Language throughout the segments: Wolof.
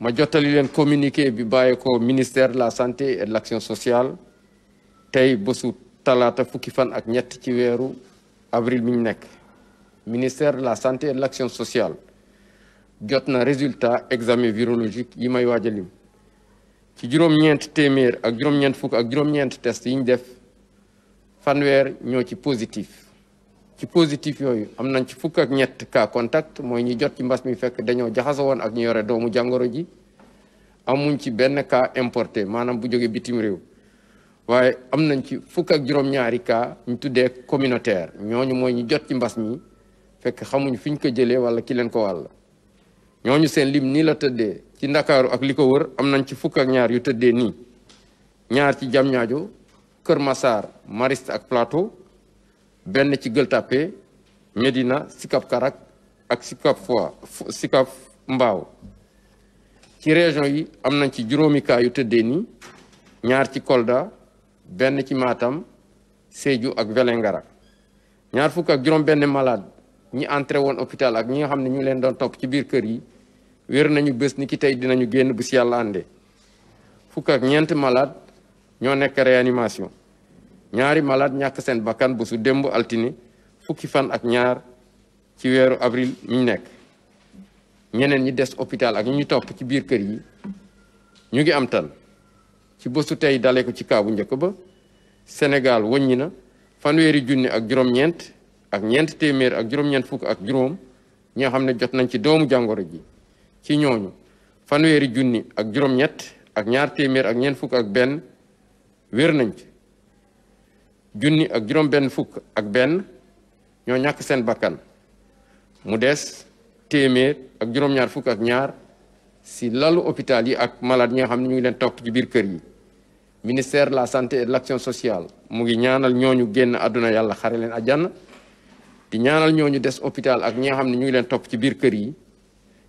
ma jottali leen communiqué bi bàyyi ko ministère de la santé et de l'action sociale tey bésu talaata fukki fan ak ñett ci weeru avril mi ñu nekk ministère de la santé et de l'action sociale jot na résultat examen virologique yi may waaj ci juróom-ñeent téeméer ak juróom-ñeent ak juróom-ñeent test yi ñu def fanweer ñoo ci positif ci positif yooyu am nañ ci fukk ak ñett ka contact mooy ñi jot ci mbas mi fekk dañoo jaxasoo woon ak ñu yore doomu jàngoro ji amuñ ci benn cas importé maanaam bu jógee bitim réew waaye am nañ ci fukk ak juróom-ñaari cas ñu tuddee communautaire ñooñu mooy ñu jot ci mbas mi fekk xamuñ fi ñu ko jëlee wala ki leen ko wàll ñooñu seen lim nii la tëddee ci ndakaaru ak li ko wër am nañ ci fukk ak ñaar yu tëddee nii ñaar ci Diamniadio Kër Massar Mariste ak Plateau benn ci Gueule Tapée Médina Sicap Karak ak Sicap Foire Sicap Mbao ci région yi am nañ ci juróomi cas yu tëddee nii ñaar ci Kolda benn ci Matam Sédhiou ak Vélingara ñaar fukk ak juróom benn malade ñi entré woon hôpital ak ñi nga xam ne ñu leen doon topp ci biir kër yi wér nañu bés ni ki tey dinañu génn bu si yàlla àndee fukk ak ñeent malade ñoo nekk réanimation ñaari malaat ñàkk seen bakkan bu su altine altini fukki fan ak ñaar ci weeru avril ñu nekk ñeneen ñi des hôpital ak ñu topp ci biir kër yi ñu ngi am tan ci bésu tey dale ko ci kaabu njëkk ba senegal wëññi na fanweeri junni ak juróom-ñeent ak ñeent téeméer ak juróom fukk ak juróom ñi xam ne jot nañ ci doomu jàngoro ji ci ñooñu fanweeri junni ak juróom ak ñaar téeméer ak ñeent fukk ak benn wér nañ ci junni ak juróom-benn fukk ak benn ñoo ñàkk seen bakkan mu des téeméer ak juróom-ñaar fukk ak ñaar si lalu hôpital yi ak malaat ñi nga xam ne ñu ngi leen toog ci biir kër yi ministère la santé et sociale mu ngi ñaanal ñooñu génn àdduna yàlla xare leen àjjana di ñaanal ñooñu des hôpital ak ñi nga xam ne ñu ngi leen topp ci biir kër yi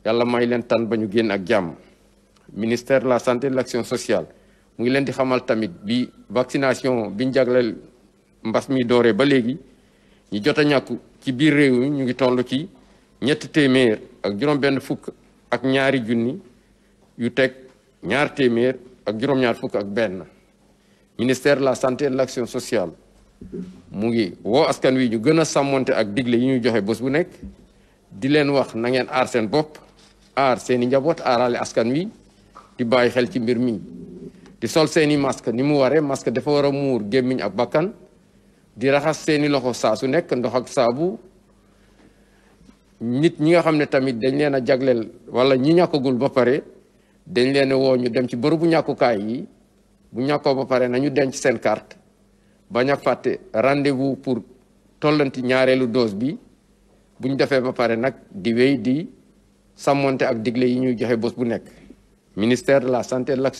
yàlla may leen tan ba ñu génn ak jàmm ministère la santé et de l'action sociale mu ngi leen di xamal tamit bi vaccination biñ jagleel mbas mi dooree ba léegi ñi jot a ñàkku ci biir réew mi ñu ngi toll ci ñett téeméer ak juróom-benn fukk ak ñaari junni yu teg ñaar téeméer ak juróom-ñaar fukk ak benn ministère de la santé et de l'action sociale mu ngi woo askan wi ñu gën a sàmmonte ak digle yi ñu joxe bos bu nekk di leen wax na ngeen aar seen bopp aar seeni njaboot aarale askan wi di bàyyi xel ci mbir mi di sol seeni masque ni mu waree masque dafa war a muur gémmiñ ak bakkan di raxas seeni loxo saa su nekk ndox ak saabu nit ñi nga xam ne tamit dañ leen a jagleel wala ñi ñàkkagul ba pare dañ leen woo ñu dem ci bërëbu ñàkkukaay yi bu ñàkkoo ba pare ñu denc seen carte bañ a fàtte rendez pour tollanti ñaareelu dose bi bu defee ba pare nag di wéy di sàmmoonte ak digle yi ñuy joxe bos bu nekk ministère de la santé de l'action